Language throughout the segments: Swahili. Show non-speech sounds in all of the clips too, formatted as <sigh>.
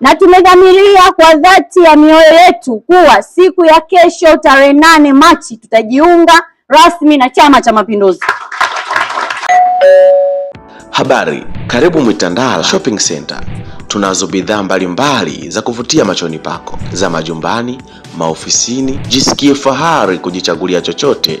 na tumedhamiria kwa dhati ya mioyo yetu kuwa siku ya kesho tarehe nane Machi tutajiunga rasmi na Chama cha Mapinduzi. Habari, karibu Mwitandala Shopping Center. Tunazo bidhaa mbalimbali za kuvutia machoni pako za majumbani, maofisini. Jisikie fahari kujichagulia chochote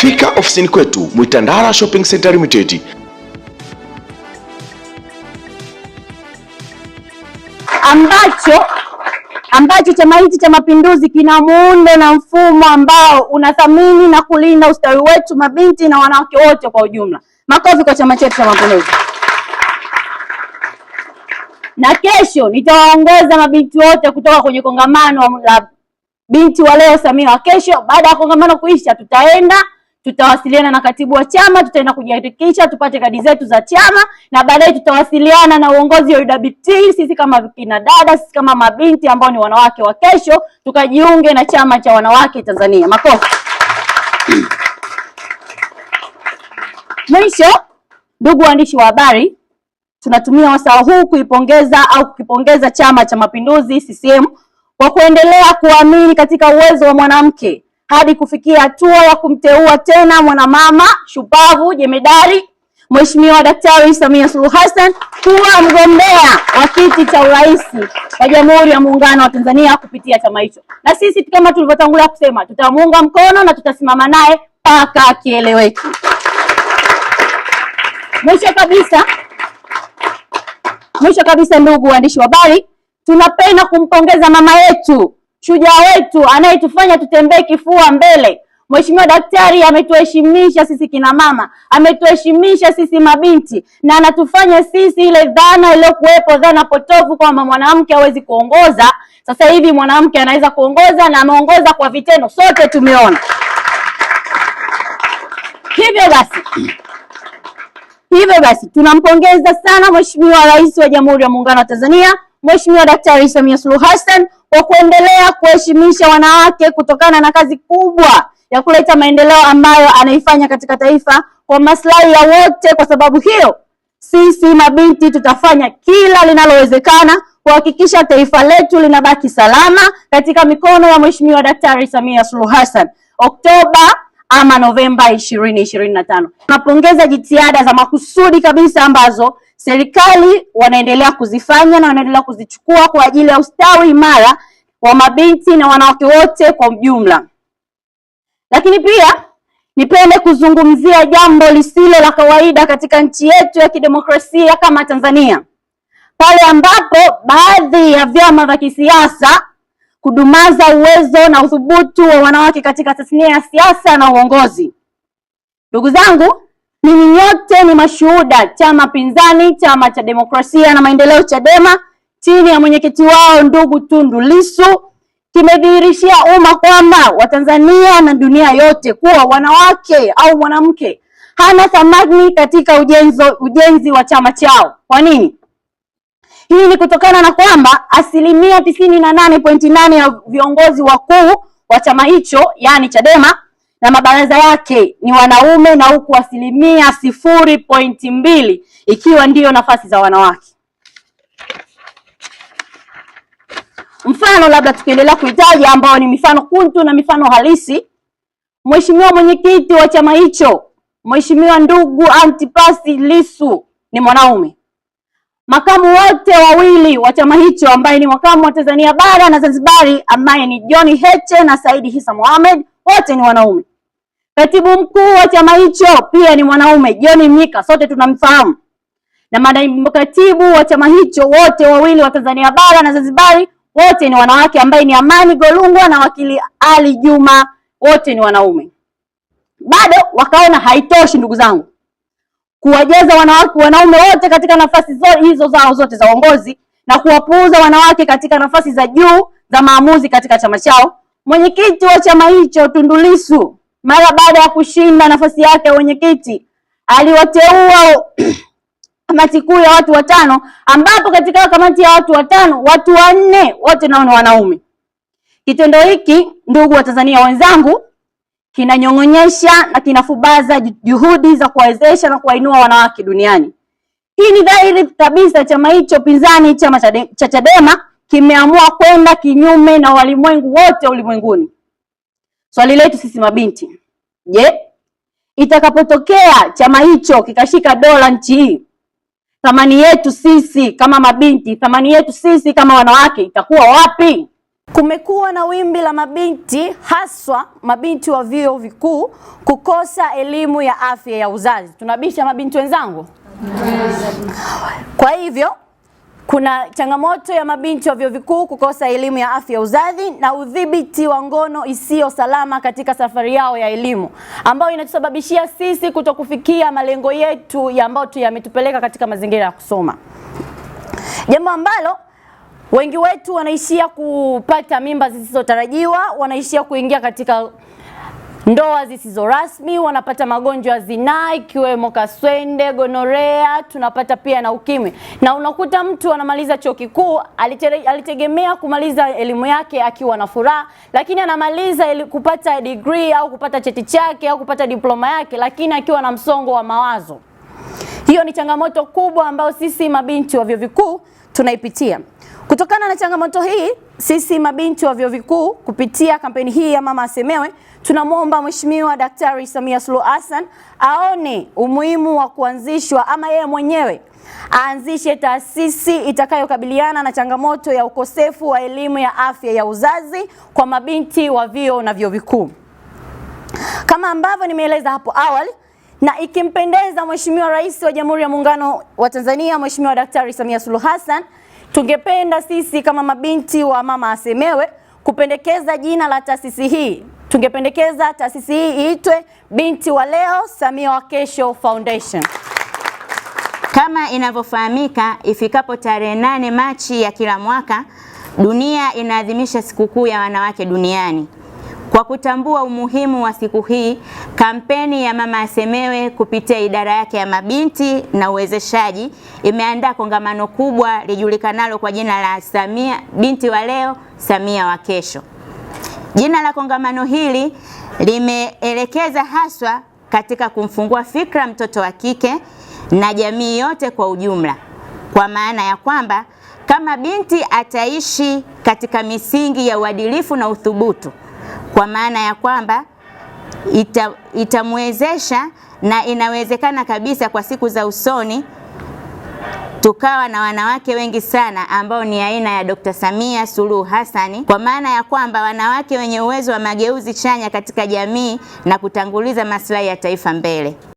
Fika ofisini kwetu Mwitandara Shopping Center Limited. ambacho ambacho chama hichi cha Mapinduzi kina muundo na mfumo ambao unathamini na kulinda ustawi wetu mabinti na wanawake wote kwa ujumla. Makofi kwa chama chetu cha Mapinduzi. Na kesho nitawaongoza mabinti wote kutoka kwenye kongamano la binti wa leo Samia kesho. Baada ya kongamano kuisha, tutaenda tutawasiliana na katibu wa chama, tutaenda kujiandikisha tupate kadi zetu za chama, na baadaye tutawasiliana na uongozi wa UWT. Sisi kama kina dada, sisi kama mabinti ambao ni wanawake wa kesho, tukajiunge na chama cha wanawake Tanzania. Makofi. <clears throat> Mwisho, ndugu waandishi wa habari, tunatumia wasaa huu kuipongeza au kukipongeza Chama cha Mapinduzi CCM kwa kuendelea kuamini katika uwezo wa mwanamke hadi kufikia hatua ya kumteua tena mwanamama shupavu jemedari Mheshimiwa Daktari Samia Suluhu Hassan kuwa mgombea wa kiti cha urais wa Jamhuri ya Muungano wa Tanzania kupitia chama hicho, na sisi kama tulivyotangulia kusema tutamuunga mkono na tutasimama naye mpaka akieleweki. Mwisho kabisa, mwisho kabisa, ndugu waandishi wa habari, tunapenda kumpongeza mama yetu shujaa wetu anayetufanya tutembee kifua mbele. Mheshimiwa Daktari ametuheshimisha sisi kina mama, ametuheshimisha sisi mabinti, na anatufanya sisi ile dhana iliyokuwepo, dhana potofu kwamba mwanamke hawezi kuongoza, sasa hivi mwanamke anaweza kuongoza na ameongoza kwa vitendo, sote tumeona. Hivyo basi hivyo basi tunampongeza sana Mheshimiwa Rais wa Jamhuri ya Muungano wa Tanzania Mheshimiwa Daktari Samia Suluhu Hassan kwa kuendelea kuheshimisha wanawake kutokana na kazi kubwa ya kuleta maendeleo ambayo anaifanya katika taifa kwa maslahi ya wote. Kwa sababu hiyo, sisi mabinti tutafanya kila linalowezekana kuhakikisha taifa letu linabaki salama katika mikono ya Mheshimiwa Daktari Samia Suluhu Hassan. Oktoba ama Novemba ishirini ishirini na tano. Tunapongeza jitihada za makusudi kabisa ambazo serikali wanaendelea kuzifanya na wanaendelea kuzichukua kwa ajili ya ustawi imara wa mabinti na wanawake wote kwa ujumla. Lakini pia nipende kuzungumzia jambo lisilo la kawaida katika nchi yetu ya kidemokrasia kama Tanzania, pale ambapo baadhi ya vyama vya kisiasa kudumaza uwezo na uthubutu wa wanawake katika tasnia ya siasa na uongozi. Ndugu zangu, ninyi nyote ni mashuhuda, chama pinzani, chama cha demokrasia na maendeleo, Chadema, chini ya mwenyekiti wao ndugu Tundu Lissu kimedhihirishia umma kwamba Watanzania na dunia yote kuwa wanawake au mwanamke hana thamani katika ujenzo, ujenzi wa chama chao. Kwa nini? Hii ni kutokana na kwamba asilimia tisini na nane pointi nane ya viongozi wakuu wa chama hicho yaani Chadema na mabaraza yake ni wanaume na huku asilimia sifuri pointi mbili ikiwa ndiyo nafasi za wanawake. Mfano labda tukiendelea kuitaja ambao ni mifano kuntu na mifano halisi, Mheshimiwa mwenyekiti wa chama hicho Mheshimiwa ndugu Antipasi Lisu ni mwanaume Makamu wote wawili wa chama hicho ambaye ni makamu wa Tanzania bara na Zanzibari ambaye ni John Heche na Said Hisa Mohamed wote ni wanaume. Katibu mkuu wa chama hicho pia ni mwanaume John Mnyika, sote tunamfahamu. Na manaibu katibu wa chama hicho wote wawili wa Tanzania bara na Zanzibari wote ni wanawake ambaye ni Amani golungwa na wakili Ali Juma, wote ni wanaume. Bado wakaona haitoshi, ndugu zangu kuwajaza wanawake wanaume wote katika nafasi zote hizo zao zote za uongozi na kuwapuuza wanawake katika nafasi za juu za maamuzi katika chama chao. Mwenyekiti wa chama hicho Tundu Lissu mara baada ya kushinda nafasi yake ya mwenyekiti aliwateua <clears throat> kamati kuu ya watu watano, ambapo katika kamati ya watu watano watu wanne wote nao ni wanaume. Kitendo hiki, ndugu wa Tanzania wenzangu kinanyong'onyesha na kinafubaza juhudi za kuwawezesha na kuwainua wanawake duniani. Hii ni dhahiri kabisa, chama hicho pinzani, chama cha Chadema kimeamua kwenda kinyume na walimwengu wote ulimwenguni. Swali letu sisi mabinti, je, itakapotokea chama hicho kikashika dola nchi hii, thamani yetu sisi kama mabinti, thamani yetu sisi kama wanawake itakuwa wapi? Kumekuwa na wimbi la mabinti haswa mabinti wa vyuo vikuu kukosa elimu ya afya ya uzazi. Tunabisha mabinti wenzangu? Kwa hivyo kuna changamoto ya mabinti wa vyuo vikuu kukosa elimu ya afya ya uzazi na udhibiti wa ngono isiyo salama katika safari yao ya elimu, ambayo inatusababishia sisi kutokufikia malengo yetu ya ambayo yametupeleka katika mazingira ya kusoma, jambo ambalo Wengi wetu wanaishia kupata mimba zisizotarajiwa, wanaishia kuingia katika ndoa zisizo rasmi, wanapata magonjwa ya zinaa ikiwemo kaswende, gonorea, tunapata pia na ukimwi. Na unakuta mtu anamaliza chuo kikuu, alitegemea kumaliza elimu yake akiwa na furaha, lakini anamaliza kupata degree au kupata cheti chake au kupata diploma yake, lakini akiwa na msongo wa mawazo. Hiyo ni changamoto kubwa ambayo sisi mabinti wa vyuo vikuu tunaipitia. Kutokana na changamoto hii, sisi mabinti wa vyuo vikuu kupitia kampeni hii ya Mama Asemewe, tunamwomba Mheshimiwa Daktari Samia Suluhu Hassan aone umuhimu wa kuanzishwa ama yeye mwenyewe aanzishe taasisi itakayokabiliana na changamoto ya ukosefu wa elimu ya afya ya uzazi kwa mabinti wa vyuo na vyuo vikuu. Kama ambavyo nimeeleza hapo awali, na ikimpendeza Mheshimiwa Rais wa Jamhuri ya Muungano wa Tanzania Mheshimiwa Daktari Samia Suluhu Hassan, tungependa sisi kama mabinti wa Mama Asemewe kupendekeza jina la taasisi hii. Tungependekeza taasisi hii iitwe Binti wa Leo Samia wa Kesho Foundation. Kama inavyofahamika, ifikapo tarehe nane Machi ya kila mwaka dunia inaadhimisha sikukuu ya wanawake duniani. Kwa kutambua umuhimu wa siku hii, kampeni ya Mama Asemewe kupitia idara yake ya mabinti na uwezeshaji imeandaa kongamano kubwa lijulikanalo kwa jina la Samia binti wa leo, Samia wa kesho. Jina la kongamano hili limeelekeza haswa katika kumfungua fikra mtoto wa kike na jamii yote kwa ujumla, kwa maana ya kwamba kama binti ataishi katika misingi ya uadilifu na uthubutu kwa maana ya kwamba ita, itamwezesha na inawezekana kabisa kwa siku za usoni tukawa na wanawake wengi sana ambao ni aina ya Dr. Samia Suluhu Hassan, kwa maana ya kwamba wanawake wenye uwezo wa mageuzi chanya katika jamii na kutanguliza maslahi ya taifa mbele.